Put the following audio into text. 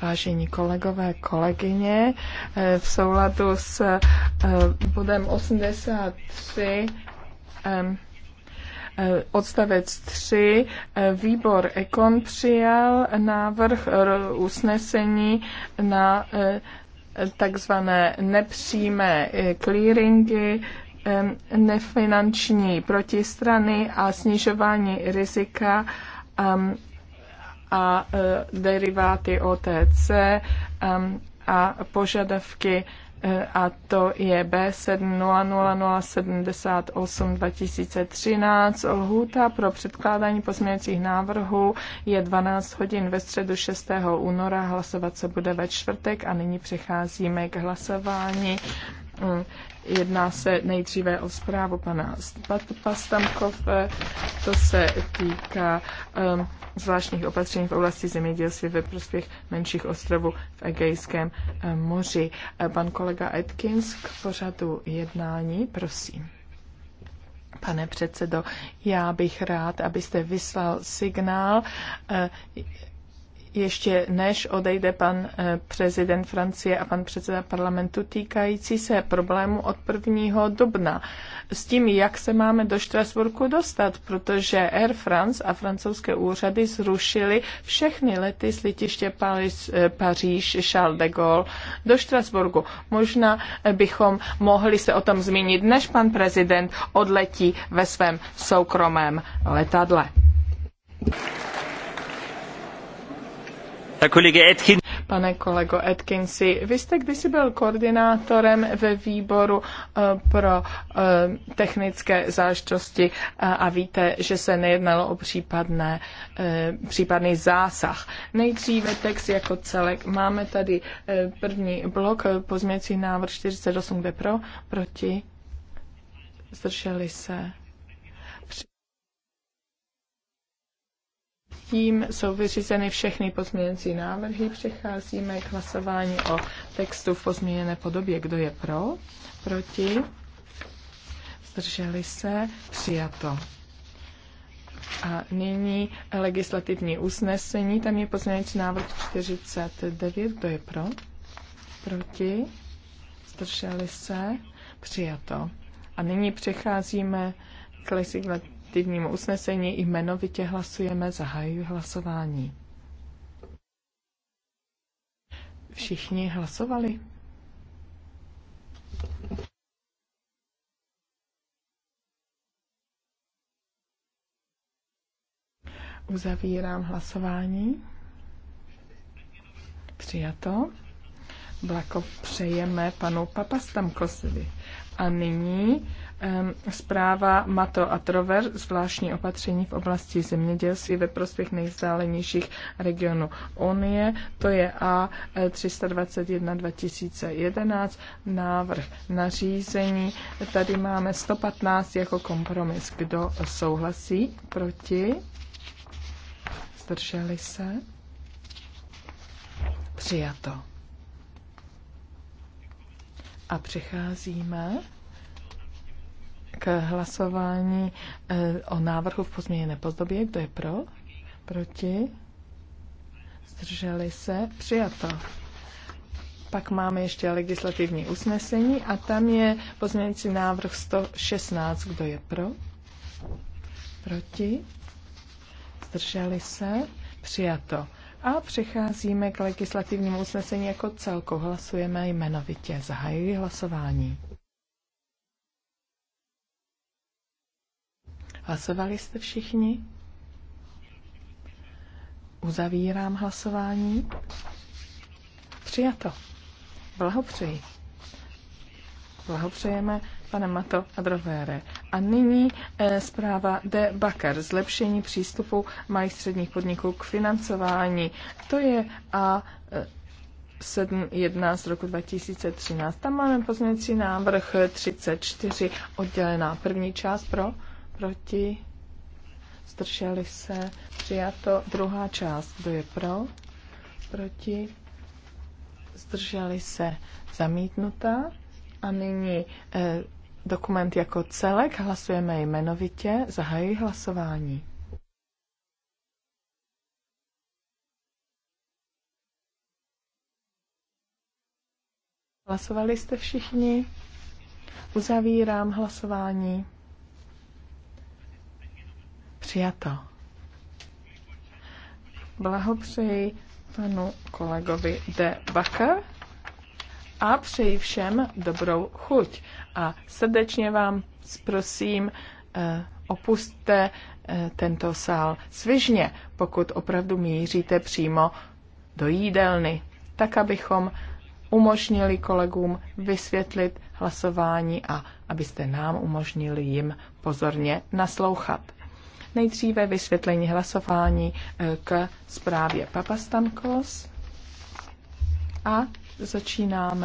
Vážení kolegové, kolegyně, eh, v souladu s eh, bodem 83 eh, odstavec 3 výbor Ekon přijal návrh usnesení na takzvané nepřímé clearingy nefinanční protistrany a snižování rizika a e, deriváty OTC a požadavky e, a to je B700078-2013. Lhůta pro předkládání pozměňovacích návrhů je 12 hodin ve středu 6. února, hlasovat se bude ve čtvrtek a nyní přecházíme k hlasování Jedná se nejdříve o zprávu pana Pastamkove, to se týká um, zvláštních opatření v oblasti zemědělství ve prospěch menších ostrovů v Egejském ehm, moři. Pan kolega Atkins k pořadu jednání, prosím. Pane předsedo, já bych rád, abyste vyslal signál eh, ještě než odejde pan eh, prezident Francie a pan předseda parlamentu týkající se problému od 1. dubna. S tím, jak se máme do Štrasburku dostat, protože Air France a francouzské úřady zrušily všechny lety z letiště Paris, eh, Paříž, Charles de Gaulle do Štrasburku. Možná bychom mohli se o tom zmínit, než pan prezident odletí ve svém soukromém letadle. Pane kolego Atkinsi, vy jste kdysi byl koordinátorem ve výboru eh, pro eh, technické záležitosti eh, a víte, že se nejednalo o případné, případný zásah. Nejdříve text jako celek. Máme tady první blok, pozměcí návrh 48, kde pro, proti, zdrželi se tím jsou vyřízeny všechny pozměněcí návrhy. Přecházíme k hlasování o textu v pozměněné podobě. Kdo je pro? Proti? Zdrželi se? Přijato. A nyní legislativní usnesení. Tam je pozměněcí návrh 49. Kdo je pro? Proti? Zdrželi se? Přijato. A nyní přecházíme k legislativní legislativnímu usnesení i jmenovitě hlasujeme, zahajuji hlasování. Všichni hlasovali? Uzavírám hlasování. Přijato. Blako přejeme panu Papastamkosovi. A nyní um, zpráva Mato a Trover, zvláštní opatření v oblasti zemědělství ve prospěch nejvzdálenějších regionů Unie, to je A321 2011, e, návrh nařízení. Tady máme 115 jako kompromis. Kdo souhlasí? Proti? Zdrželi se? Přijato. A přecházíme k hlasování eh, o návrhu v pozměněné podobě. Kdo je pro? Proti? Zdrželi se? Přijato. Pak máme ještě legislativní usnesení a tam je pozměňující návrh 116. Kdo je pro? Proti? Zdrželi se? Přijato. A přecházíme k legislativnímu usnesení jako celku. Hlasujeme jmenovitě. Zahajuji hlasování. Hlasovali jste všichni? Uzavírám hlasování. Přijato. Blahopřeji. Blahopřejeme, pane Mato Adrovére. A nyní eh, zpráva D. Bakar, zlepšení přístupu malých středních podniků k financování. To je a 7.1 eh, z roku 2013. Tam máme pozměnící návrh 34, oddělená první část pro, proti, zdrželi se, přijato, druhá část, kdo je pro, proti, zdrželi se, zamítnuta. A nyní eh, dokument jako celek. Hlasujeme jmenovitě. Zahajuji hlasování. Hlasovali jste všichni? Uzavírám hlasování. Přijato. Blahopřeji panu kolegovi De Bakker a přeji všem dobrou chuť. A srdečně vám prosím, eh, opustte eh, tento sál svižně, pokud opravdu míříte přímo do jídelny, tak abychom umožnili kolegům vysvětlit hlasování a abyste nám umožnili jim pozorně naslouchat. Nejdříve vysvětlení hlasování eh, k zprávě Papastamkos a začínáme.